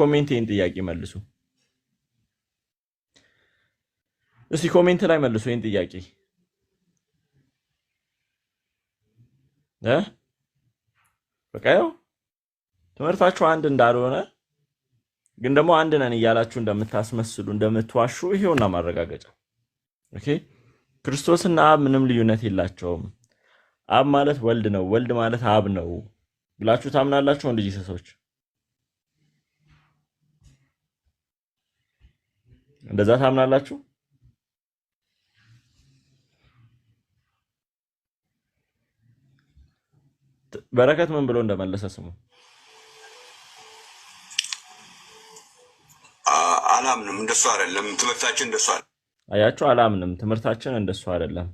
ኮሜንት ይህን ጥያቄ መልሱ። እስቲ ኮሜንት ላይ መልሱ ይህን ጥያቄ እ በቃ ያው ትምህርታችሁ አንድ እንዳልሆነ ግን ደግሞ አንድ ነን እያላችሁ እንደምታስመስሉ እንደምትዋሹ ይሄውና ማረጋገጫ። ኦኬ ክርስቶስና አብ ምንም ልዩነት የላቸውም። አብ ማለት ወልድ ነው፣ ወልድ ማለት አብ ነው ብላችሁ ታምናላችሁ ወንድ ጂሰሶች እንደዛ ታምናላችሁ? በረከት ምን ብሎ እንደመለሰ ስሙ አላምንም። እንደሱ አይደለም ትምህርታችን፣ እንደሱ አይደለም። አያችሁ፣ አላምንም፣ ትምህርታችን እንደሱ አይደለም።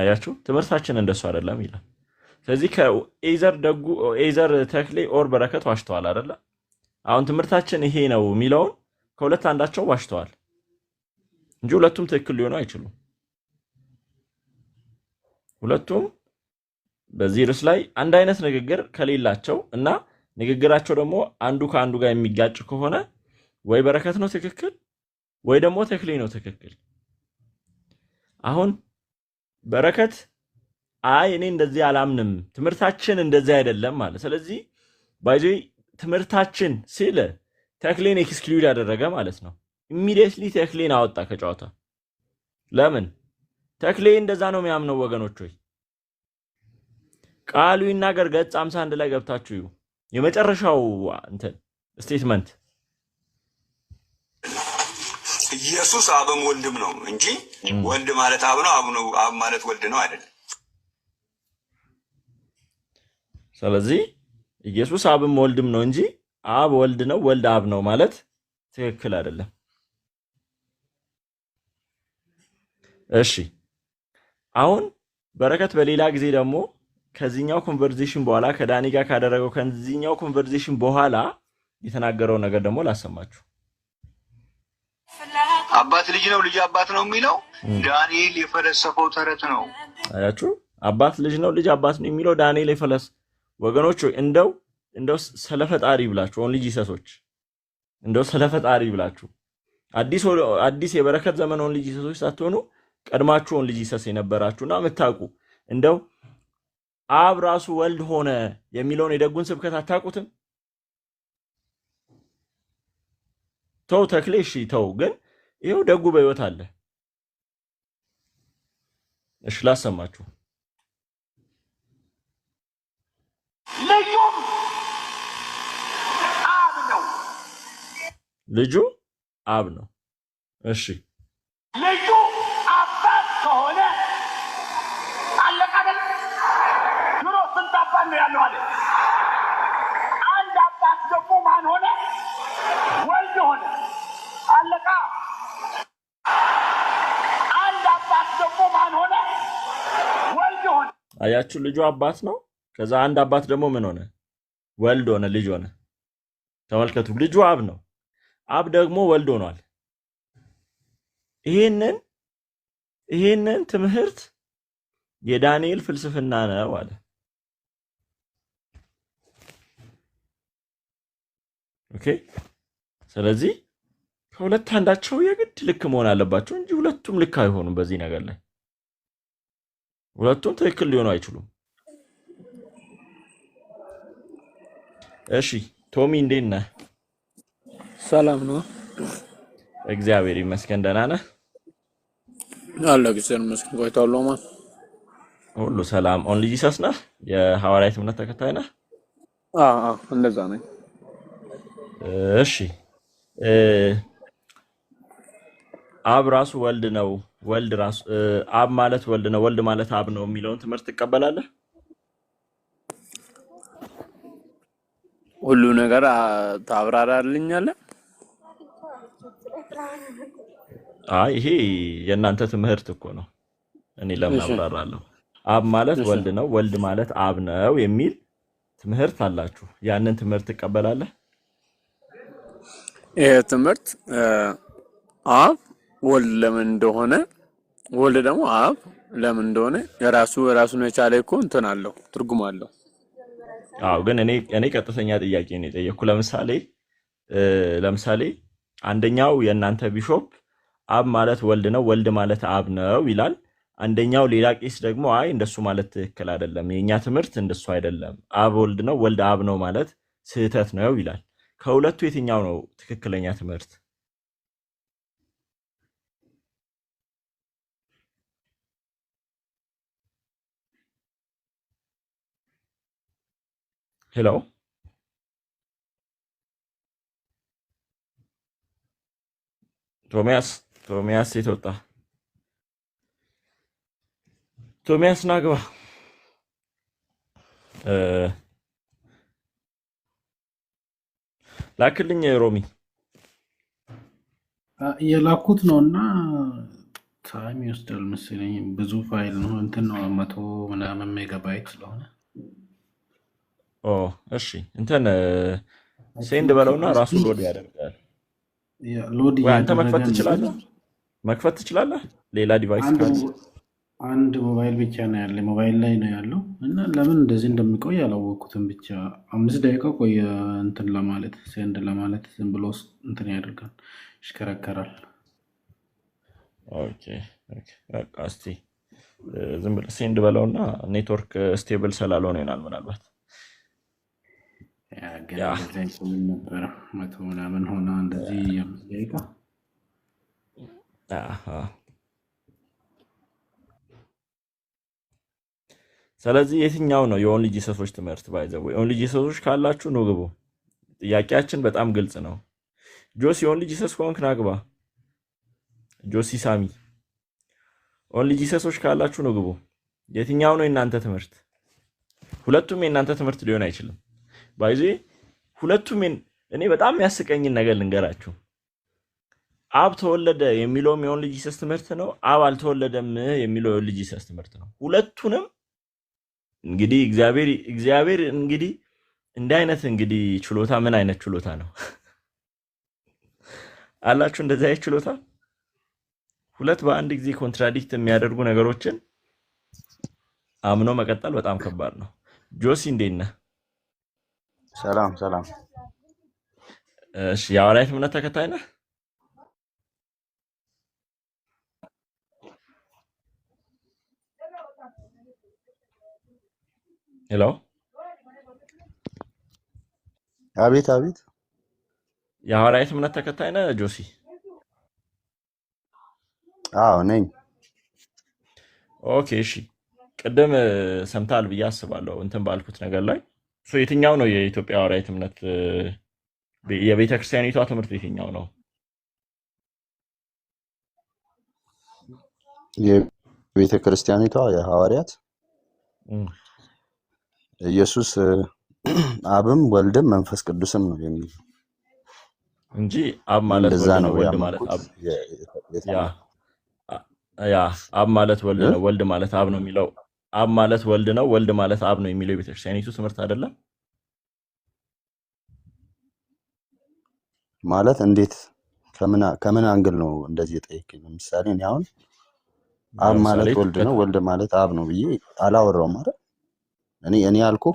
አያችሁ፣ ትምህርታችን እንደሱ አይደለም ይላል። ስለዚህ ከኤዘር ደጉ ኤዘር ተክሌ ኦር በረከት ዋሽተዋል አይደለ? አሁን ትምህርታችን ይሄ ነው የሚለውን ከሁለት አንዳቸው ዋሽተዋል እንጂ ሁለቱም ትክክል ሊሆኑ አይችሉም። ሁለቱም በዚህ ርዕስ ላይ አንድ አይነት ንግግር ከሌላቸው እና ንግግራቸው ደግሞ አንዱ ከአንዱ ጋር የሚጋጭ ከሆነ ወይ በረከት ነው ትክክል፣ ወይ ደግሞ ተክሌ ነው ትክክል። አሁን በረከት አይ እኔ እንደዚህ አላምንም፣ ትምህርታችን እንደዚህ አይደለም ማለት ስለዚህ ባይዞ ትምህርታችን ሲል ተክሌን ኤክስክሉድ ያደረገ ማለት ነው። ኢሚዲየትሊ ተክሌን አወጣ ከጨዋታ። ለምን ተክሌ እንደዛ ነው የሚያምነው? ወገኖች ሆይ ቃሉ ይናገር ገጽ 51 ላይ ገብታችሁ እዩ። የመጨረሻው እንትን ስቴትመንት ኢየሱስ አብም ወልድም ነው እንጂ ወልድ ማለት አብ ነው፣ አብ ነው አብ ማለት ወልድ ነው አይደለም። ስለዚህ ኢየሱስ አብም ወልድም ነው እንጂ አብ ወልድ ነው፣ ወልድ አብ ነው ማለት ትክክል አይደለም። እሺ አሁን በረከት በሌላ ጊዜ ደግሞ ከዚህኛው ኮንቨርዜሽን በኋላ ከዳኒ ጋር ካደረገው ከዚህኛው ኮንቨርዜሽን በኋላ የተናገረው ነገር ደግሞ ላሰማችሁ። አባት ልጅ ነው፣ ልጅ አባት ነው የሚለው ዳንኤል የፈለሰፈው ተረት ነው። አያችሁ፣ አባት ልጅ ነው፣ ልጅ አባት ነው የሚለው ዳንኤል የፈለስ ወገኖች እንደው እንደው ስለፈጣሪ ብላችሁ ኦንሊ ጂሰሶች እንደው ስለፈጣሪ ብላችሁ አዲስ አዲስ የበረከት ዘመን ኦንሊ ጂሰሶች ሳትሆኑ ቀድማችሁ ኦንሊ ጂሰስ የነበራችሁና የምታውቁ እንደው አብ ራሱ ወልድ ሆነ የሚለውን የደጉን ስብከት አታውቁትም? ተው ተክሌ፣ እሺ ተው፣ ግን ይኸው ደጉ በህይወት አለ። እሺ ላሰማችሁ። ልጁ አብ ነው። እሺ ልጁ አባት ከሆነ አለቀ ኑሮ ድሮ ስንት አባት ነው ያለው አለ። አንድ አባት ደግሞ ማን ሆነ? ወልድ ሆነ። አለቃ አንድ አባት ደግሞ ማን ሆነ? ወልድ ሆነ። አያችሁ፣ ልጁ አባት ነው። ከዛ አንድ አባት ደግሞ ምን ሆነ? ወልድ ሆነ፣ ልጅ ሆነ። ተመልከቱ፣ ልጁ አብ ነው። አብ ደግሞ ወልድ ሆኗል። ይህንን ይህንን ትምህርት የዳንኤል ፍልስፍና ነው አለ። ኦኬ። ስለዚህ ከሁለት አንዳቸው የግድ ልክ መሆን አለባቸው እንጂ ሁለቱም ልክ አይሆኑም። በዚህ ነገር ላይ ሁለቱም ትክክል ሊሆኑ አይችሉም። እሺ ቶሚ እንዴት ነህ? ሰላም ነው፣ እግዚአብሔር ይመስገን። ደህና ነህ? አለ እግዚአብሔር ይመስገን። ቆይቷል ማ ሁሉ ሰላም። ኦንሊ ጂሰስ ነህ? የሐዋርያት እምነት ተከታይ ነህ? አዎ፣ እንደዛ ነኝ። እሺ አብ ራሱ ወልድ ነው፣ ወልድ ራሱ አብ ማለት ወልድ ነው፣ ወልድ ማለት አብ ነው የሚለውን ትምህርት ትቀበላለህ? ሁሉ ነገር ታብራራልኛለህ? አይ ይሄ የእናንተ ትምህርት እኮ ነው። እኔ ለምን አብራራለሁ? አብ ማለት ወልድ ነው፣ ወልድ ማለት አብ ነው የሚል ትምህርት አላችሁ። ያንን ትምህርት ትቀበላለህ? ይሄ ትምህርት አብ ወልድ ለምን እንደሆነ ወልድ ደግሞ አብ ለምን እንደሆነ የራሱ የራሱን የቻለ እኮ እንትን አለው ትርጉም አለው። አዎ ግን እኔ እኔ ቀጥተኛ ጥያቄ ነው የጠየኩ። ለምሳሌ ለምሳሌ አንደኛው የእናንተ ቢሾፕ አብ ማለት ወልድ ነው፣ ወልድ ማለት አብ ነው ይላል። አንደኛው ሌላ ቄስ ደግሞ አይ እንደሱ ማለት ትክክል አይደለም፣ የእኛ ትምህርት እንደሱ አይደለም፣ አብ ወልድ ነው፣ ወልድ አብ ነው ማለት ስህተት ነው ይላል። ከሁለቱ የትኛው ነው ትክክለኛ ትምህርት? ሄሎ ቶሚያስ ቶሚያስ ሴት ወጣ። ቶሚያስ ና ላክልኝ ሮሚ የላኩት ነው እና ታይም ይወስዳል መሰለኝ። ብዙ ፋይል ነው እንትን ነው መቶ ምናምን ሜጋባይት ስለሆነ እሺ እንትን ሴንድ በለውና ራሱ ሎድ ያደርጋል። አንተ መክፈት ትችላለህ መክፈት ትችላለህ። ሌላ ዲቫይስ አንድ ሞባይል ብቻ ነው ያለ ሞባይል ላይ ነው ያለው እና ለምን እንደዚህ እንደሚቆይ ያላወቅኩትም። ብቻ አምስት ደቂቃ ቆየ እንትን ለማለት ሴንድ ለማለት ዝም ብሎ እንትን ያደርጋል ይሽከረከራል። እስቲ ዝም ብለህ ሴንድ በለውና ኔትወርክ ስቴብል ስላልሆነ ይሆናል ምናልባት ነበረ መቶ ምናምን ሆነ እንደዚህ ደቂቃ ስለዚህ የትኛው ነው የኦንሊ ጂሰሶች ትምህርት? ባይዘው የኦንሊ ጂሰሶች ካላችሁ ነው ግቡ። ጥያቄያችን በጣም ግልጽ ነው። ጆስ የኦንሊ ጂሰስ ከሆንክ ናግባ። ጆሲ ሳሚ ኦንሊ ጂሰሶች ካላችሁ ነው ግቡ። የትኛው ነው የእናንተ ትምህርት? ሁለቱም የእናንተ ትምህርት ሊሆን አይችልም። ባይዜ ሁለቱም እኔ በጣም የሚያስቀኝን ነገር ልንገራችሁ። አብ ተወለደ የሚለውም የሆን ልጅ ሰስ ትምህርት ነው። አብ አልተወለደም የሚለው የሆን ልጅ ሰስ ትምህርት ነው። ሁለቱንም እንግዲህ እግዚአብሔር እግዚአብሔር እንግዲህ እንዲህ አይነት እንግዲህ ችሎታ ምን አይነት ችሎታ ነው አላችሁ? እንደዚህ አይነት ችሎታ ሁለት በአንድ ጊዜ ኮንትራዲክት የሚያደርጉ ነገሮችን አምኖ መቀጠል በጣም ከባድ ነው። ጆሲ እንዴት ነህ? ሰላም ሰላም። እሺ የሐዋርያት እምነት ተከታይ ነህ? ሄሎ። አቤት አቤት። የሐዋርያት እምነት ተከታይ ነህ ጆሲ? አዎ ነኝ። ኦኬ እሺ። ቅድም ሰምታል ብዬ አስባለሁ እንትን ባልኩት ነገር ላይ የትኛው ነው የኢትዮጵያ ሐዋርያዊት እምነት የቤተ ክርስቲያኒቷ ትምህርት የትኛው ነው? የቤተ ክርስቲያኒቷ የሐዋርያት ኢየሱስ አብም ወልድም መንፈስ ቅዱስም ነው የሚል እንጂ አብ ማለት ወልድ ነው። ወልድ ማለት አብ ያ አብ ማለት ወልድ ነው። ወልድ ማለት አብ ነው የሚለው አብ ማለት ወልድ ነው፣ ወልድ ማለት አብ ነው የሚለው የቤተክርስቲያኒቱ ትምህርት አይደለም። ማለት እንዴት ከምን አንግል ነው እንደዚህ የጠየቀኝ? ለምሳሌ እኔ አሁን አብ ማለት ወልድ ነው፣ ወልድ ማለት አብ ነው ብዬ አላወራውም ማለት እኔ እኔ ያልኩህ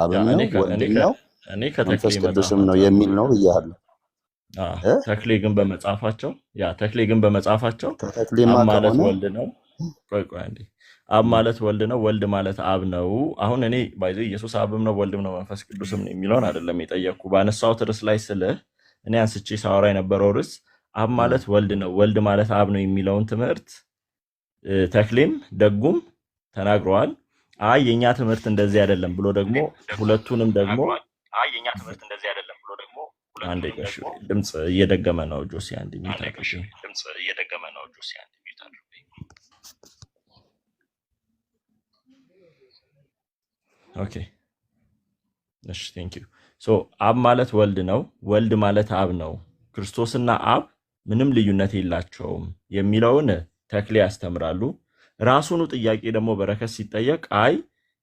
አብም ነው ወልድም ነው መንፈስ ቅዱስም ነው የሚል ነው ብያለሁ። ተክሌ ግን በመጽሐፋቸው ያ ተክሌ ግን በመጽሐፋቸው ተክሌማ ማለት ወልድ ነው ቆይ ቆይ አብ ማለት ወልድ ነው፣ ወልድ ማለት አብ ነው። አሁን እኔ ባይዘ ኢየሱስ አብም ነው ወልድም ነው መንፈስ ቅዱስም ነው የሚለውን አይደለም የጠየቅኩ። ባነሳሁት ርዕስ ላይ ስልህ እኔ አንስቼ ሳወራ የነበረው ርዕስ አብ ማለት ወልድ ነው፣ ወልድ ማለት አብ ነው የሚለውን ትምህርት ተክሌም ደጉም ተናግረዋል። አይ የእኛ ትምህርት እንደዚህ አይደለም ብሎ ደግሞ ሁለቱንም ደግሞ ድምፅ እየደገመ ነው ጆሲ አንድ ድምፅ እየደገመ ነው ኦኬ እሺ ቴንክ ዩ ሶ አብ ማለት ወልድ ነው፣ ወልድ ማለት አብ ነው። ክርስቶስና አብ ምንም ልዩነት የላቸውም የሚለውን ተክሌ ያስተምራሉ። ራሱኑ ጥያቄ ደግሞ በረከት ሲጠየቅ አይ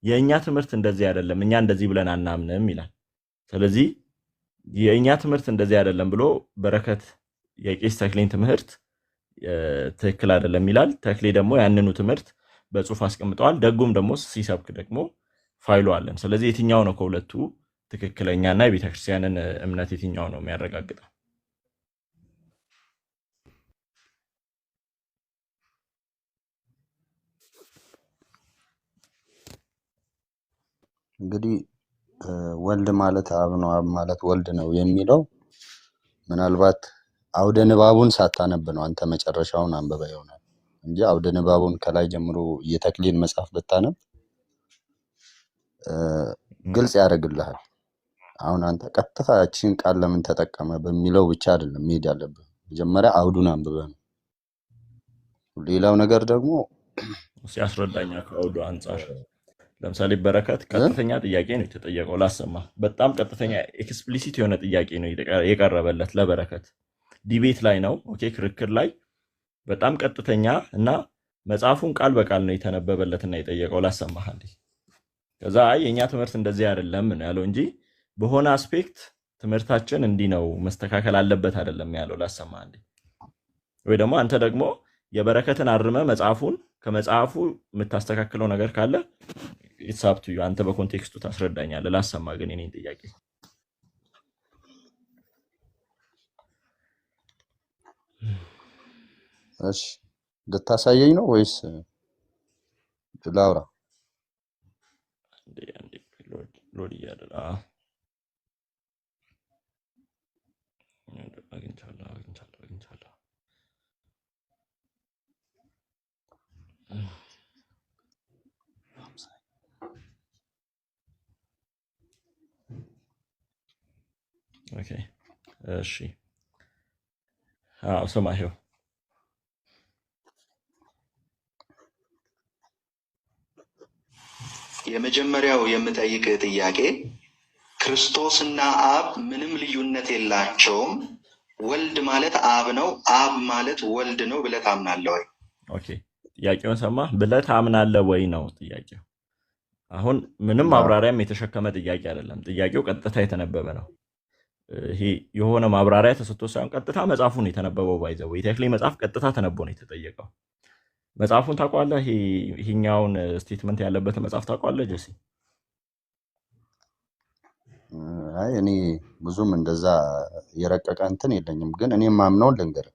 የእኛ ትምህርት እንደዚህ አይደለም፣ እኛ እንደዚህ ብለን አናምንም ይላል። ስለዚህ የእኛ ትምህርት እንደዚህ አይደለም ብሎ በረከት የቄስ ተክሌን ትምህርት ትክክል አይደለም ይላል። ተክሌ ደግሞ ያንኑ ትምህርት በጽሁፍ አስቀምጠዋል። ደጉም ደግሞ ሲሰብክ ደግሞ ፋይሉ አለን። ስለዚህ የትኛው ነው ከሁለቱ ትክክለኛና የቤተክርስቲያንን እምነት የትኛው ነው የሚያረጋግጠው? እንግዲህ ወልድ ማለት አብ ነው፣ አብ ማለት ወልድ ነው የሚለው ምናልባት አውደ ንባቡን ሳታነብ ነው አንተ መጨረሻውን አንበባ ይሆናል እንጂ አውደ ንባቡን ከላይ ጀምሮ የተክሊን መጽሐፍ ብታነብ ግልጽ ያደርግልሃል። አሁን አንተ ቀጥታ ያችን ቃል ለምን ተጠቀመ በሚለው ብቻ አይደለም መሄድ ያለብህ። መጀመሪያ አውዱን አንብበ ነው። ሌላው ነገር ደግሞ ሲያስረዳኛ ከአውዱ አንጻር ለምሳሌ በረከት ቀጥተኛ ጥያቄ ነው የተጠየቀው። ላሰማ በጣም ቀጥተኛ ኤክስፕሊሲት የሆነ ጥያቄ ነው የቀረበለት ለበረከት። ዲቤት ላይ ነው ኦኬ፣ ክርክር ላይ በጣም ቀጥተኛ እና መጽሐፉን ቃል በቃል ነው የተነበበለትና የጠየቀው። ላሰማህ እንዲህ ከዛ የእኛ ትምህርት እንደዚህ አይደለም ያለው እንጂ በሆነ አስፔክት ትምህርታችን እንዲህ ነው መስተካከል አለበት አይደለም ያለው። ላሰማ እንዴ ወይ ደግሞ አንተ ደግሞ የበረከትን አርመ መጽሐፉን ከመጽሐፉ የምታስተካክለው ነገር ካለ ኢትሳፕቱ አንተ በኮንቴክስቱ ታስረዳኛለህ። ላሰማ ግን የኔን ጥያቄ እሺ ልታሳየኝ ነው ወይስ ላውራ? det är en riktig loria det där. Agentala, okay. uh, she. Ja, uh, så so የመጀመሪያው የምጠይቅ ጥያቄ ክርስቶስና አብ ምንም ልዩነት የላቸውም፣ ወልድ ማለት አብ ነው፣ አብ ማለት ወልድ ነው ብለህ ታምናለህ ወይ? ኦኬ ጥያቄውን ሰማ ብለህ ታምናለህ ወይ ነው ጥያቄው። አሁን ምንም ማብራሪያም የተሸከመ ጥያቄ አይደለም። ጥያቄው ቀጥታ የተነበበ ነው። ይሄ የሆነ ማብራሪያ ተሰጥቶ ሳይሆን ቀጥታ መጽሐፉን የተነበበው ባይዘው የተክሌ መጽሐፍ ቀጥታ ተነቦ ነው የተጠየቀው። መጽሐፉን ታውቀዋለህ? ይሄኛውን ስቴትመንት ያለበት መጽሐፍ ታውቀዋለህ ጀሲ? አይ እኔ ብዙም እንደዛ የረቀቀ እንትን የለኝም፣ ግን እኔ ማምነውን ልንገር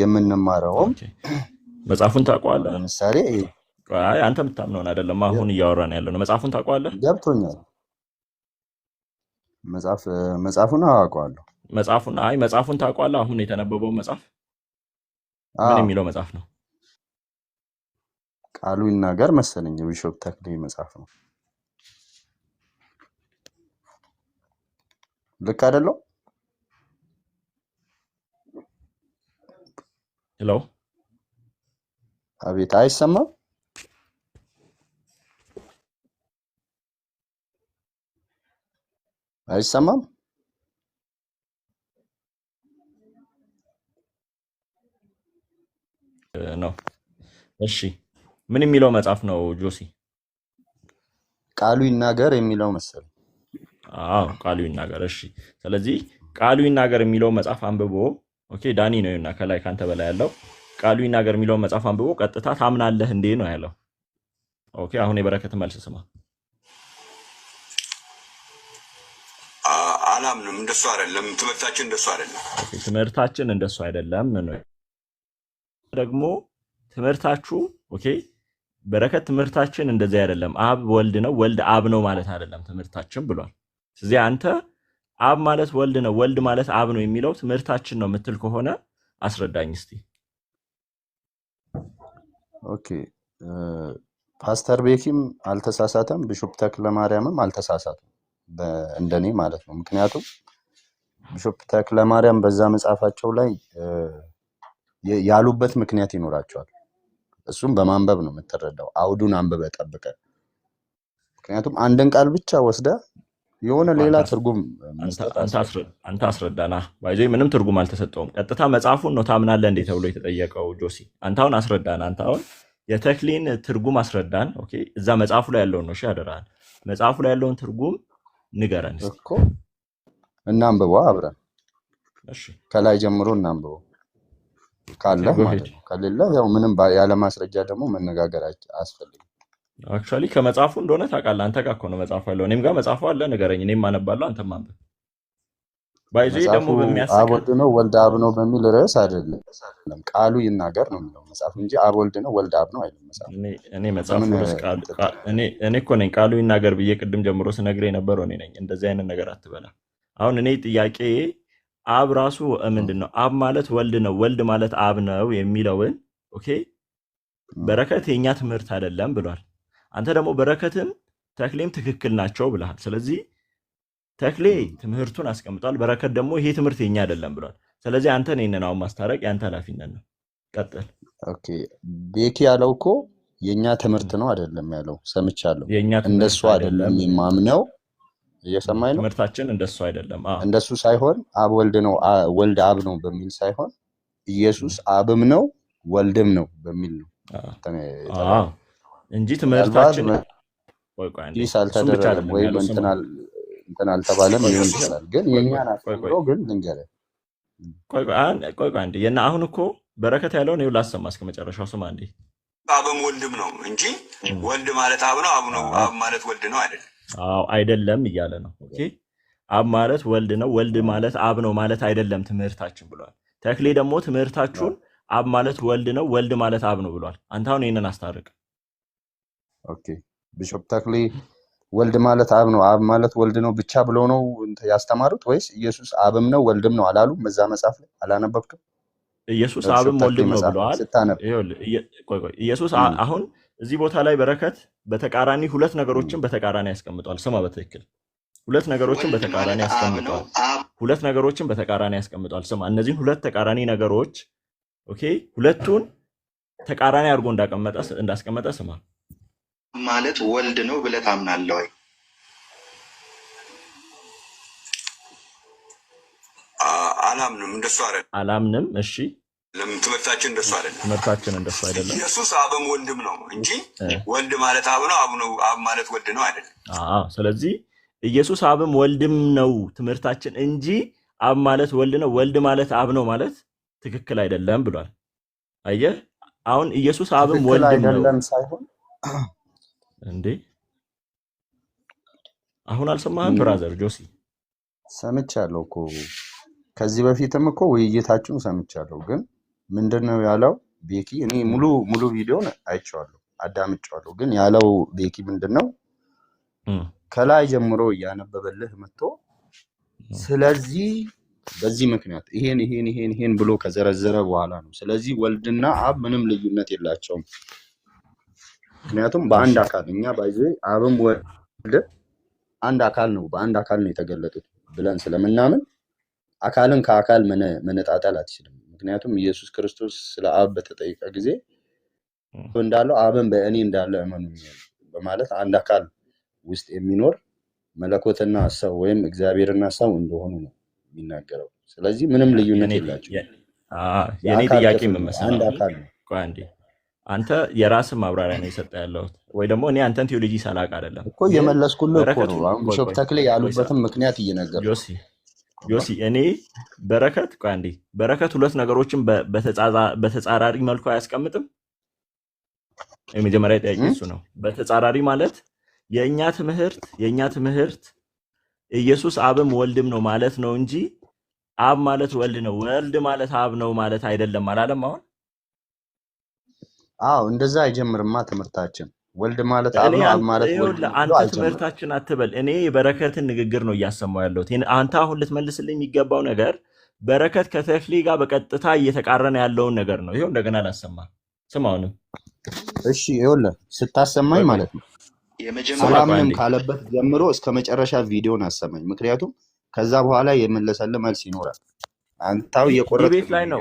የምንማረውም መጽሐፉን ታውቀዋለህ። ለምሳሌ አይ አንተ የምታምነውን አይደለም አሁን እያወራን ያለ ነው። መጽሐፉን ታውቀዋለህ? ገብቶኛል። መጽሐፉን አውቀዋለሁ። መጽሐፉን አይ መጽሐፉን ታውቀዋለህ? አሁን የተነበበው መጽሐፍ ምን የሚለው መጽሐፍ ነው? ቃሉ ይናገር መሰለኝ ቢሾፕ ተክሌ መጽሐፍ ነው። ልክ አይደለው? ሄሎ፣ አቤት፣ አይሰማም? አይሰማም? ነው። እሺ ምን የሚለው መጽሐፍ ነው ጆሲ? ቃሉ ይናገር የሚለው መሰለኝ። አዎ ቃሉ ይናገር። እሺ ስለዚህ ቃሉ ይናገር የሚለው መጽሐፍ አንብቦ ኦኬ፣ ዳኒ ነው ና ከላይ ካንተ በላይ ያለው ቃሉ ይናገር የሚለው መጽሐፍ አንብቦ ቀጥታ ታምናለህ እንዴ ነው ያለው። ኦኬ አሁን የበረከት መልስ ስማ። አላምንም፣ እንደሱ አይደለም ትምህርታችን፣ እንደሱ አይደለም ትምህርታችን፣ እንደሱ አይደለም ነው ደግሞ ትምህርታችሁ ኦኬ በረከት ትምህርታችን እንደዚህ አይደለም፣ አብ ወልድ ነው፣ ወልድ አብ ነው ማለት አይደለም ትምህርታችን ብሏል። ስለዚህ አንተ አብ ማለት ወልድ ነው፣ ወልድ ማለት አብ ነው የሚለው ትምህርታችን ነው የምትል ከሆነ አስረዳኝ እስቲ። ኦኬ ፓስተር ቤኪም አልተሳሳተም፣ ቢሾፕ ተክለ ማርያምም አልተሳሳተም እንደኔ ማለት ነው። ምክንያቱም ቢሾፕ ተክለ ማርያም በዛ መጽሐፋቸው ላይ ያሉበት ምክንያት ይኖራቸዋል። እሱም በማንበብ ነው የምትረዳው። አውዱን አንብበ ጠብቀ። ምክንያቱም አንድን ቃል ብቻ ወስደ የሆነ ሌላ ትርጉም አንተ አስረዳና ባይዞ ምንም ትርጉም አልተሰጠውም። ቀጥታ መጽሐፉን ነው ታምናለህ እንዴ ተብሎ የተጠየቀው ጆሲ። አንተ አሁን አስረዳን። አንተ አሁን የተክሊን ትርጉም አስረዳን። ኦኬ፣ እዛ መጽሐፉ ላይ ያለውን ነው። ያደራል። መጽሐፉ ላይ ያለውን ትርጉም ንገረን እኮ። እናንብበ አብረን ከላይ ጀምሮ እናንብበው። ካለ ከሌለ ያው ምንም ያለማስረጃ ደግሞ መነጋገር አያስፈልግም። አክቹዋሊ ከመጽሐፉ እንደሆነ ታውቃለህ። አንተ ጋር እኮ ነው መጽሐፉ ያለው። እኔም ጋር መጽሐፉ አለ፣ ንገረኝ፣ እኔም አነባለሁ። አንተም አንብብ። ባይዞ አብ ወልድ ነው ወልድ አብ ነው በሚል ርዕስ አይደለም ቃሉ ይናገር ነው የሚለው መጽሐፉ እንጂ አብ ወልድ ነው ወልድ አብ ነው አይደለም መጽሐፉ። እኔ እኮ ነኝ ቃሉ ይናገር ብዬ ቅድም ጀምሮ ስነግር የነበረው እኔ ነኝ። እንደዚህ አይነት ነገር አትበላ። አሁን እኔ ጥያቄ አብ ራሱ ምንድን ነው? አብ ማለት ወልድ ነው፣ ወልድ ማለት አብ ነው የሚለውን ኦኬ፣ በረከት የእኛ ትምህርት አይደለም ብሏል። አንተ ደግሞ በረከትም ተክሌም ትክክል ናቸው ብለሃል። ስለዚህ ተክሌ ትምህርቱን አስቀምጧል፣ በረከት ደግሞ ይሄ ትምህርት የኛ አይደለም ብሏል። ስለዚህ አንተ ይህንን ማስታረቅ የአንተ ኃላፊነት ነው። ቀጥል። ኦኬ ቤኪ ያለው እኮ የእኛ ትምህርት ነው አይደለም ያለው ሰምቻለሁ። እንደሱ አይደለም የማምነው እየሰማኝ ነው። ትምህርታችን እንደሱ አይደለም። እንደሱ ሳይሆን አብ ወልድ ነው፣ ወልድ አብ ነው በሚል ሳይሆን ኢየሱስ አብም ነው ወልድም ነው በሚል ነው እንጂ ትምህርታችን አልተደረገም ወይም እንትን አልተባለም ሊሆን ይችላል። ግን የእኛን ግን ልንገርህ፣ ቆይ ቆይ አንዴ አሁን እኮ በረከት ያለውን ይኸው ላሰማ እስከ መጨረሻው ስማ። እንዴ አብም ወልድም ነው እንጂ ወልድ ማለት አብ ነው አብ ነው፣ አብ ማለት ወልድ ነው አይደለም። አይደለም እያለ ነው። ኦኬ አብ ማለት ወልድ ነው፣ ወልድ ማለት አብ ነው ማለት አይደለም ትምህርታችን ብሏል። ተክሌ ደግሞ ትምህርታችሁን አብ ማለት ወልድ ነው፣ ወልድ ማለት አብ ነው ብሏል። አንተ አሁን ይህንን አስታርቅ። ኦኬ ቢሾፕ ተክሌ ወልድ ማለት አብ ነው፣ አብ ማለት ወልድ ነው ብቻ ብሎ ነው ያስተማሩት ወይስ ኢየሱስ አብም ነው ወልድም ነው አላሉም? እዛ መጽሐፍ ላይ አላነበብክም? ኢየሱስ አብም ወልድም ነው ብለዋል። ኢየሱስ አሁን እዚህ ቦታ ላይ በረከት በተቃራኒ ሁለት ነገሮችን በተቃራኒ ያስቀምጠዋል። ስማ በትክክል ሁለት ነገሮችን በተቃራኒ ያስቀምጠዋል። ሁለት ነገሮችን በተቃራኒ ያስቀምጠዋል። ስማ እነዚህን ሁለት ተቃራኒ ነገሮች ኦኬ፣ ሁለቱን ተቃራኒ አድርጎ እንዳስቀመጠ ስማ። ማለት ወልድ ነው ብለህ ታምናለህ ወይ? አላምንም፣ እንደሱ አላምንም። እሺ ለምን ትምህርታችን እንደሱ አይደለም። ትምህርታችን እንደሱ አይደለም። ኢየሱስ አብም ወልድም ነው እንጂ ወልድ ማለት አብ ነው፣ አብ ነው አብ ማለት ወልድ ነው አይደለም። ስለዚህ ኢየሱስ አብም ወልድም ነው ትምህርታችን እንጂ አብ ማለት ወልድ ነው፣ ወልድ ማለት አብ ነው ማለት ትክክል አይደለም ብሏል። አየህ፣ አሁን ኢየሱስ አብም ወልድም ነው ሳይሆን እንዴ፣ አሁን አልሰማህም ብራዘር ጆሲ? ሰምቻለሁ እኮ ከዚህ በፊትም እኮ ውይይታችሁን ሰምቻለሁ ግን ምንድን ነው ያለው ቤኪ? እኔ ሙሉ ሙሉ ቪዲዮን አይቼዋለሁ አዳምጬዋለሁ። ግን ያለው ቤኪ ምንድን ነው ከላይ ጀምሮ እያነበበልህ መጥቶ ስለዚህ በዚህ ምክንያት ይሄን ይሄን ይሄን ይሄን ብሎ ከዘረዘረ በኋላ ነው። ስለዚህ ወልድና አብ ምንም ልዩነት የላቸውም። ምክንያቱም በአንድ አካል እኛ ባይዘ አብም ወልድ አንድ አካል ነው፣ በአንድ አካል ነው የተገለጡት ብለን ስለምናምን አካልን ከአካል መነጣጠል አትችልም። ምክንያቱም ኢየሱስ ክርስቶስ ስለ አብ በተጠይቀ ጊዜ እንዳለው አብን በእኔ እንዳለ እመኑ በማለት አንድ አካል ውስጥ የሚኖር መለኮትና ሰው ወይም እግዚአብሔርና ሰው እንደሆኑ ነው የሚናገረው። ስለዚህ ምንም ልዩነት የላቸው። የኔ ጥያቄ የምመስለው አንተ የራስን ማብራሪያ ነው የሰጠ ያለሁት፣ ወይ ደግሞ እኔ አንተን ቴዎሎጂ ሳላቅ አይደለም እኮ እየመለስኩልህ እኮ ነው። አሁን ተክሌ ያሉበትን ምክንያት እየነገርኩህ ዮሲ እኔ በረከት ቆይ አንዴ በረከት ሁለት ነገሮችን በተጻራሪ መልኩ አያስቀምጥም። የመጀመሪያ ጥያቄ እሱ ነው። በተጻራሪ ማለት የእኛ ትምህርት የእኛ ትምህርት ኢየሱስ አብም ወልድም ነው ማለት ነው እንጂ አብ ማለት ወልድ ነው፣ ወልድ ማለት አብ ነው ማለት አይደለም አላለም። አሁን አዎ፣ እንደዛ አይጀምርማ ትምህርታችን ወልድ ማለት አብ ማለት አንተ ትምህርታችን አትበል። እኔ የበረከትን ንግግር ነው እያሰማው ያለሁት። አንተ አሁን ልትመልስልኝ የሚገባው ነገር በረከት ከተክሌ ጋር በቀጥታ እየተቃረነ ያለውን ነገር ነው። ይኸው እንደገና ላሰማ ስም አሁንም እሺ፣ ይኸውልህ ስታሰማኝ ማለት ነው ሰላምንም ካለበት ጀምሮ እስከ መጨረሻ ቪዲዮን አሰማኝ። ምክንያቱም ከዛ በኋላ የመለሰልህ መልስ ይኖራል። አንታው የቆረጥ ቤት ላይ ነው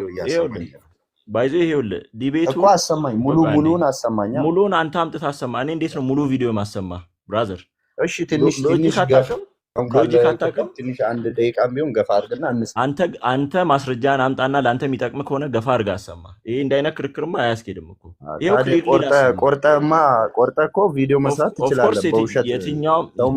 ባይዞ ይኸውልህ ዲቤቱ እኮ አሰማኝ፣ ሙሉ ሙሉን አሰማኛ። ሙሉን አንተ አምጥተህ አሰማ። እኔ እንዴት ነው ሙሉ ቪዲዮ ማሰማ ብራዘር? እሺ ትንሽ ትንሽ ትንሽ አንድ ደቂቃ ቢሆን ገፋ አድርግና አንተ ማስረጃን አምጣና ለአንተ የሚጠቅም ከሆነ ገፋ አድርግ አሰማ። ይህ እንዳይነ ክርክርማ አያስኬድም እኮ ቆርጠማ ቆርጠ እኮ ቪዲዮ መስራት ትችላለህ። በውሸት የትኛውም ሰው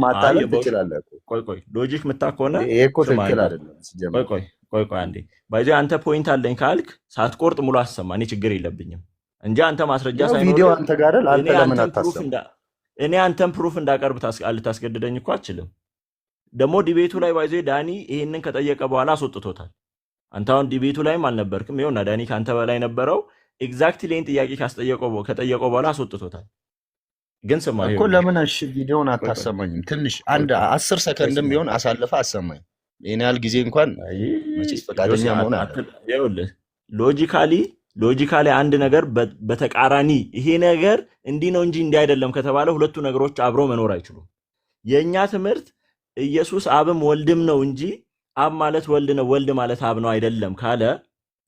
ትችላለህ። ቆይ ቆይ ሎጂክ ምታ ከሆነ ይሄ እኮ ትክክል አይደለም። ቆይ ቆይ ቆይ አንዴ ባይዚ አንተ ፖይንት አለኝ ካልክ ሳትቆርጥ ሙሉ አሰማ። እኔ ችግር የለብኝም እንጂ አንተ ማስረጃ ሳይኖር ቪዲዮ አንተ ጋር አንተ ለምን አታሰማ? እኔ አንተን ፕሩፍ እንዳቀርብ ልታስገድደኝ እኮ አችልም ደግሞ ዲቤቱ ላይ ባይዞ ዳኒ ይህንን ከጠየቀ በኋላ አስወጥቶታል። አንተ አሁን ዲቤቱ ላይም አልነበርክም። ይኸውና ዳኒ ከአንተ በላይ ነበረው። ኤግዛክትሊ ይህን ጥያቄ ከጠየቀው በኋላ አስወጥቶታል። ግን ስማ እኮ ለምን እሺ ቪዲዮን አታሰማኝም? ትንሽ አንድ አስር ሰከንድም ቢሆን አሳልፈ አሰማኝ። ይህን ያህል ጊዜ እንኳን መቼስ ፈቃደኛ መሆን አለ። ሎጂካሊ ሎጂካሊ አንድ ነገር በተቃራኒ ይሄ ነገር እንዲህ ነው እንጂ እንዲህ አይደለም ከተባለ ሁለቱ ነገሮች አብረው መኖር አይችሉም። የእኛ ትምህርት ኢየሱስ አብም ወልድም ነው እንጂ አብ ማለት ወልድ ነው፣ ወልድ ማለት አብ ነው አይደለም ካለ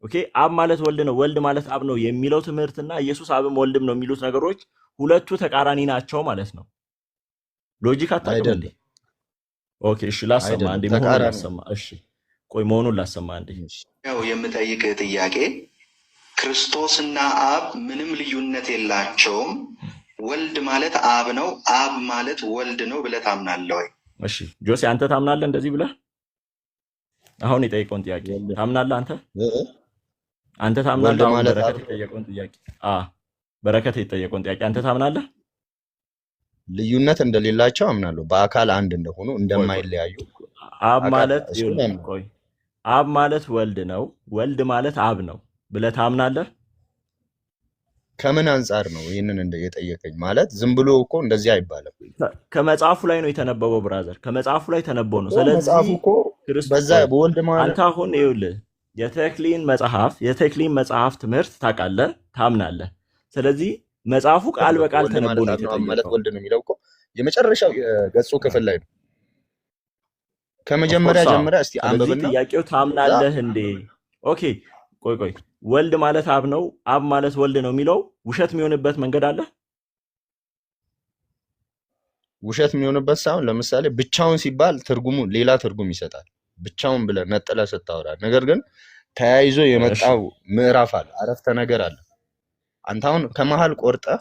ኦኬ፣ አብ ማለት ወልድ ነው፣ ወልድ ማለት አብ ነው የሚለው ትምህርትና ኢየሱስ አብም ወልድም ነው የሚሉት ነገሮች ሁለቱ ተቃራኒ ናቸው ማለት ነው። ሎጂክ አታውቅም። ኦኬ፣ እሺ፣ ላሰማ አንዴ መሆኑን ላሰማ። እሺ፣ ቆይ መሆኑን ላሰማ አንዴ። ያው የምጠይቅ ጥያቄ ክርስቶስና አብ ምንም ልዩነት የላቸውም፣ ወልድ ማለት አብ ነው፣ አብ ማለት ወልድ ነው ብለህ ታምናለህ ወይ? እሺ ጆሴ አንተ ታምናለህ? እንደዚህ ብለህ አሁን የጠየቀውን ጥያቄ ታምናለህ? አንተ አንተ ታምናለህ? በረከት የጠየቀውን ጥያቄ በረከት የጠየቀውን ጥያቄ አንተ ታምናለህ? ልዩነት እንደሌላቸው አምናለሁ። በአካል አንድ እንደሆኑ እንደማይለያዩ። አብ ማለት ቆይ፣ አብ ማለት ወልድ ነው፣ ወልድ ማለት አብ ነው ብለህ ታምናለህ? ከምን አንጻር ነው ይህንን የጠየቀኝ? ማለት ዝም ብሎ እኮ እንደዚህ አይባልም። ከመጽሐፉ ላይ ነው የተነበበው ብራዘር፣ ከመጽሐፉ ላይ ተነበው ነው። ስለዚህ አንተ አሁን ይኸውልህ የተክሊን መጽሐፍ የተክሊን መጽሐፍ ትምህርት ታውቃለህ፣ ታምናለህ። ስለዚህ መጽሐፉ ቃል በቃል ተነቦ ነው የተጠየቀው። ወልድ ነው የሚለው እኮ የመጨረሻው የገጹ ክፍል ላይ ነው። ከመጀመሪያ ጀምረህ እስኪ አንብብና ጥያቄው ታምናለህ እንዴ? ኦኬ ቆይ ቆይ ወልድ ማለት አብ ነው፣ አብ ማለት ወልድ ነው የሚለው ውሸት የሚሆንበት መንገድ አለ። ውሸት የሚሆንበት ሳይሆን ለምሳሌ ብቻውን ሲባል ትርጉሙ ሌላ ትርጉም ይሰጣል። ብቻውን ብለህ ነጥለህ ስታወራ፣ ነገር ግን ተያይዞ የመጣው ምዕራፍ አለ፣ አረፍተ ነገር አለ። አንተ አሁን ከመሀል ቆርጠህ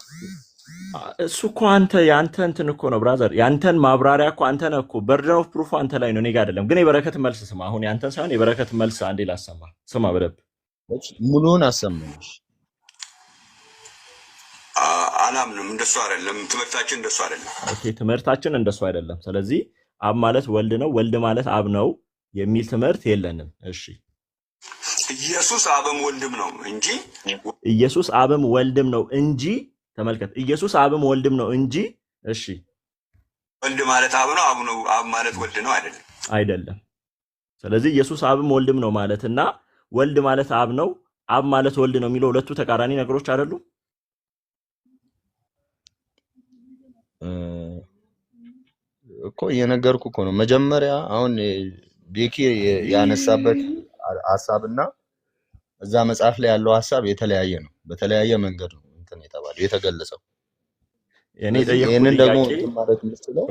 እሱ እኮ አንተ የአንተ እንትን እኮ ነው ብራዘር፣ የአንተን ማብራሪያ እኮ አንተ ነህ እኮ በርደን ኦፍ ፕሩፍ አንተ ላይ ነው፣ እኔ ጋ አይደለም። ግን የበረከት መልስ ስማ፣ አሁን የአንተን ሳይሆን የበረከት መልስ አንዴ ላሰማ፣ ስማ በደንብ ሙሉውን አሰማሽ። አላምንም። እንደሱ አይደለም ትምህርታችን፣ እንደሱ አይደለም። ኦኬ ትምህርታችን እንደሱ አይደለም። ስለዚህ አብ ማለት ወልድ ነው፣ ወልድ ማለት አብ ነው የሚል ትምህርት የለንም። እሺ ኢየሱስ አብም ወልድም ነው እንጂ ኢየሱስ አብም ወልድም ነው እንጂ ተመልከት፣ ኢየሱስ አብም ወልድም ነው እንጂ። እሺ ወልድ ማለት አብ ነው፣ አብ ማለት ወልድ ነው አይደለም፣ አይደለም። ስለዚህ ኢየሱስ አብም ወልድም ነው ማለትና ወልድ ማለት አብ ነው፣ አብ ማለት ወልድ ነው የሚለው ሁለቱ ተቃራኒ ነገሮች አይደሉም? እኮ እየነገርኩ እኮ ነው። መጀመሪያ አሁን ቤኪ ያነሳበት ሀሳብና እዛ መጽሐፍ ላይ ያለው ሀሳብ የተለያየ ነው። በተለያየ መንገድ ነው እንትን የተባለው የተገለጸው። ይህንን ደግሞ ማለት የምችለው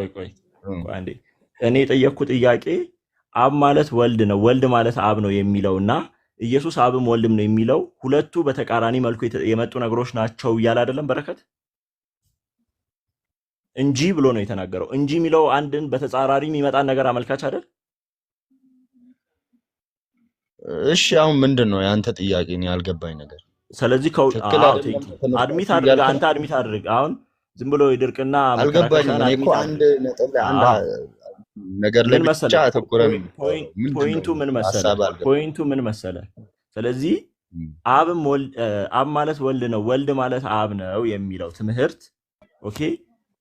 እኔ የጠየቅኩ ጥያቄ አብ ማለት ወልድ ነው፣ ወልድ ማለት አብ ነው የሚለው እና ኢየሱስ አብም ወልድም ነው የሚለው ሁለቱ በተቃራኒ መልኩ የመጡ ነገሮች ናቸው እያለ አይደለም በረከት እንጂ ብሎ ነው የተናገረው። እንጂ የሚለው አንድን በተጻራሪ የሚመጣን ነገር አመልካች አይደል? እሺ አሁን ምንድን ነው የአንተ ጥያቄ? ያልገባኝ ነገር ስለዚህ አድሚት አድርግ አንተ አድሚት አድርግ። አሁን ዝም ብሎ የድርቅና አልገባኝ እኮ አንድ ነጥብ አንድ ነገር ላይ ብቻ አተኮረ። ፖይንቱ ምን መሰለህ? ፖይንቱ ምን መሰለህ? ስለዚህ አብ ማለት ወልድ ነው፣ ወልድ ማለት አብ ነው የሚለው ትምህርት ኦኬ፣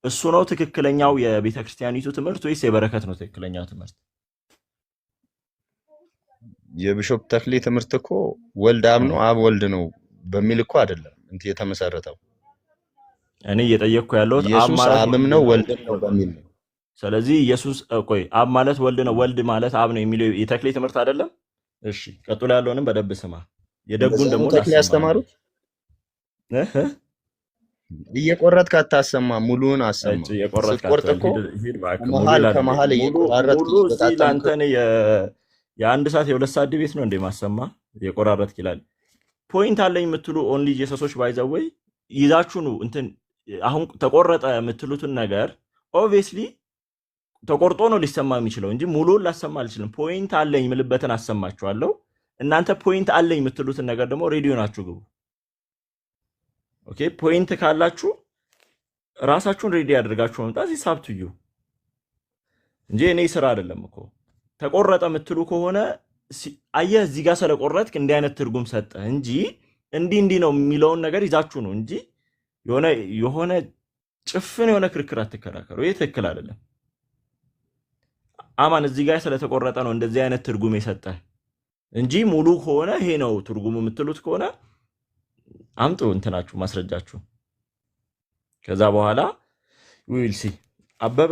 እሱ ነው ትክክለኛው የቤተ ክርስቲያኒቱ ትምህርት ወይስ የበረከት ነው ትክክለኛው ትምህርት? የቢሾፕ ተክሌ ትምህርት እኮ ወልድ አብ ነው አብ ወልድ ነው በሚል እኮ አይደለም እንት የተመሰረተው። እኔ እየጠየቅኩ ያለሁት ኢየሱስ አብም ነው ወልድም ነው በሚል ነው ስለዚህ ኢየሱስ ቆይ አብ ማለት ወልድ ነው፣ ወልድ ማለት አብ ነው የሚለው የተክሌ ትምህርት አይደለም። እሺ ቀጥሎ ያለውንም በደብ ስማ። የደጉን ደግሞ ተክሌ ያስተማሩት እየቆረጥክ አታሰማ፣ ሙሉውን አሰማ። ስትቆርጥ እኮ መሀል ከመሀል እየቆራረጥክ ለአንተን የአንድ ሰዓት የሁለት ሰዓት ድቤት ነው እንደ ማሰማ የቆራረጥክ ይላል። ፖይንት አለኝ የምትሉ ኦንሊ ጄሰሶች ባይዘወይ ይዛችሁ ነው እንትን አሁን ተቆረጠ የምትሉትን ነገር ኦብቪየስሊ ተቆርጦ ነው ሊሰማ የሚችለው እንጂ ሙሉን ላሰማ አልችልም። ፖይንት አለኝ ምልበትን አሰማችኋለሁ። እናንተ ፖይንት አለኝ የምትሉትን ነገር ደግሞ ሬዲዮ ናችሁ ግቡ። ኦኬ ፖይንት ካላችሁ ራሳችሁን ሬዲ ያደርጋችሁ መምጣት ሳብትዩ እንጂ እኔ ስራ አይደለም እኮ ተቆረጠ የምትሉ ከሆነ አየህ እዚህ ጋር ስለቆረጥክ እንዲህ አይነት ትርጉም ሰጠ እንጂ እንዲህ እንዲህ ነው የሚለውን ነገር ይዛችሁ ነው እንጂ የሆነ ጭፍን የሆነ ክርክር አትከራከሩ። ይህ ትክክል አይደለም። አማን እዚህ ጋር ስለተቆረጠ ነው እንደዚህ አይነት ትርጉም የሰጠ እንጂ ሙሉ ከሆነ ይሄ ነው ትርጉሙ የምትሉት ከሆነ አምጡ እንትናችሁ ማስረጃችሁ። ከዛ በኋላ ዊል ሲ አበበ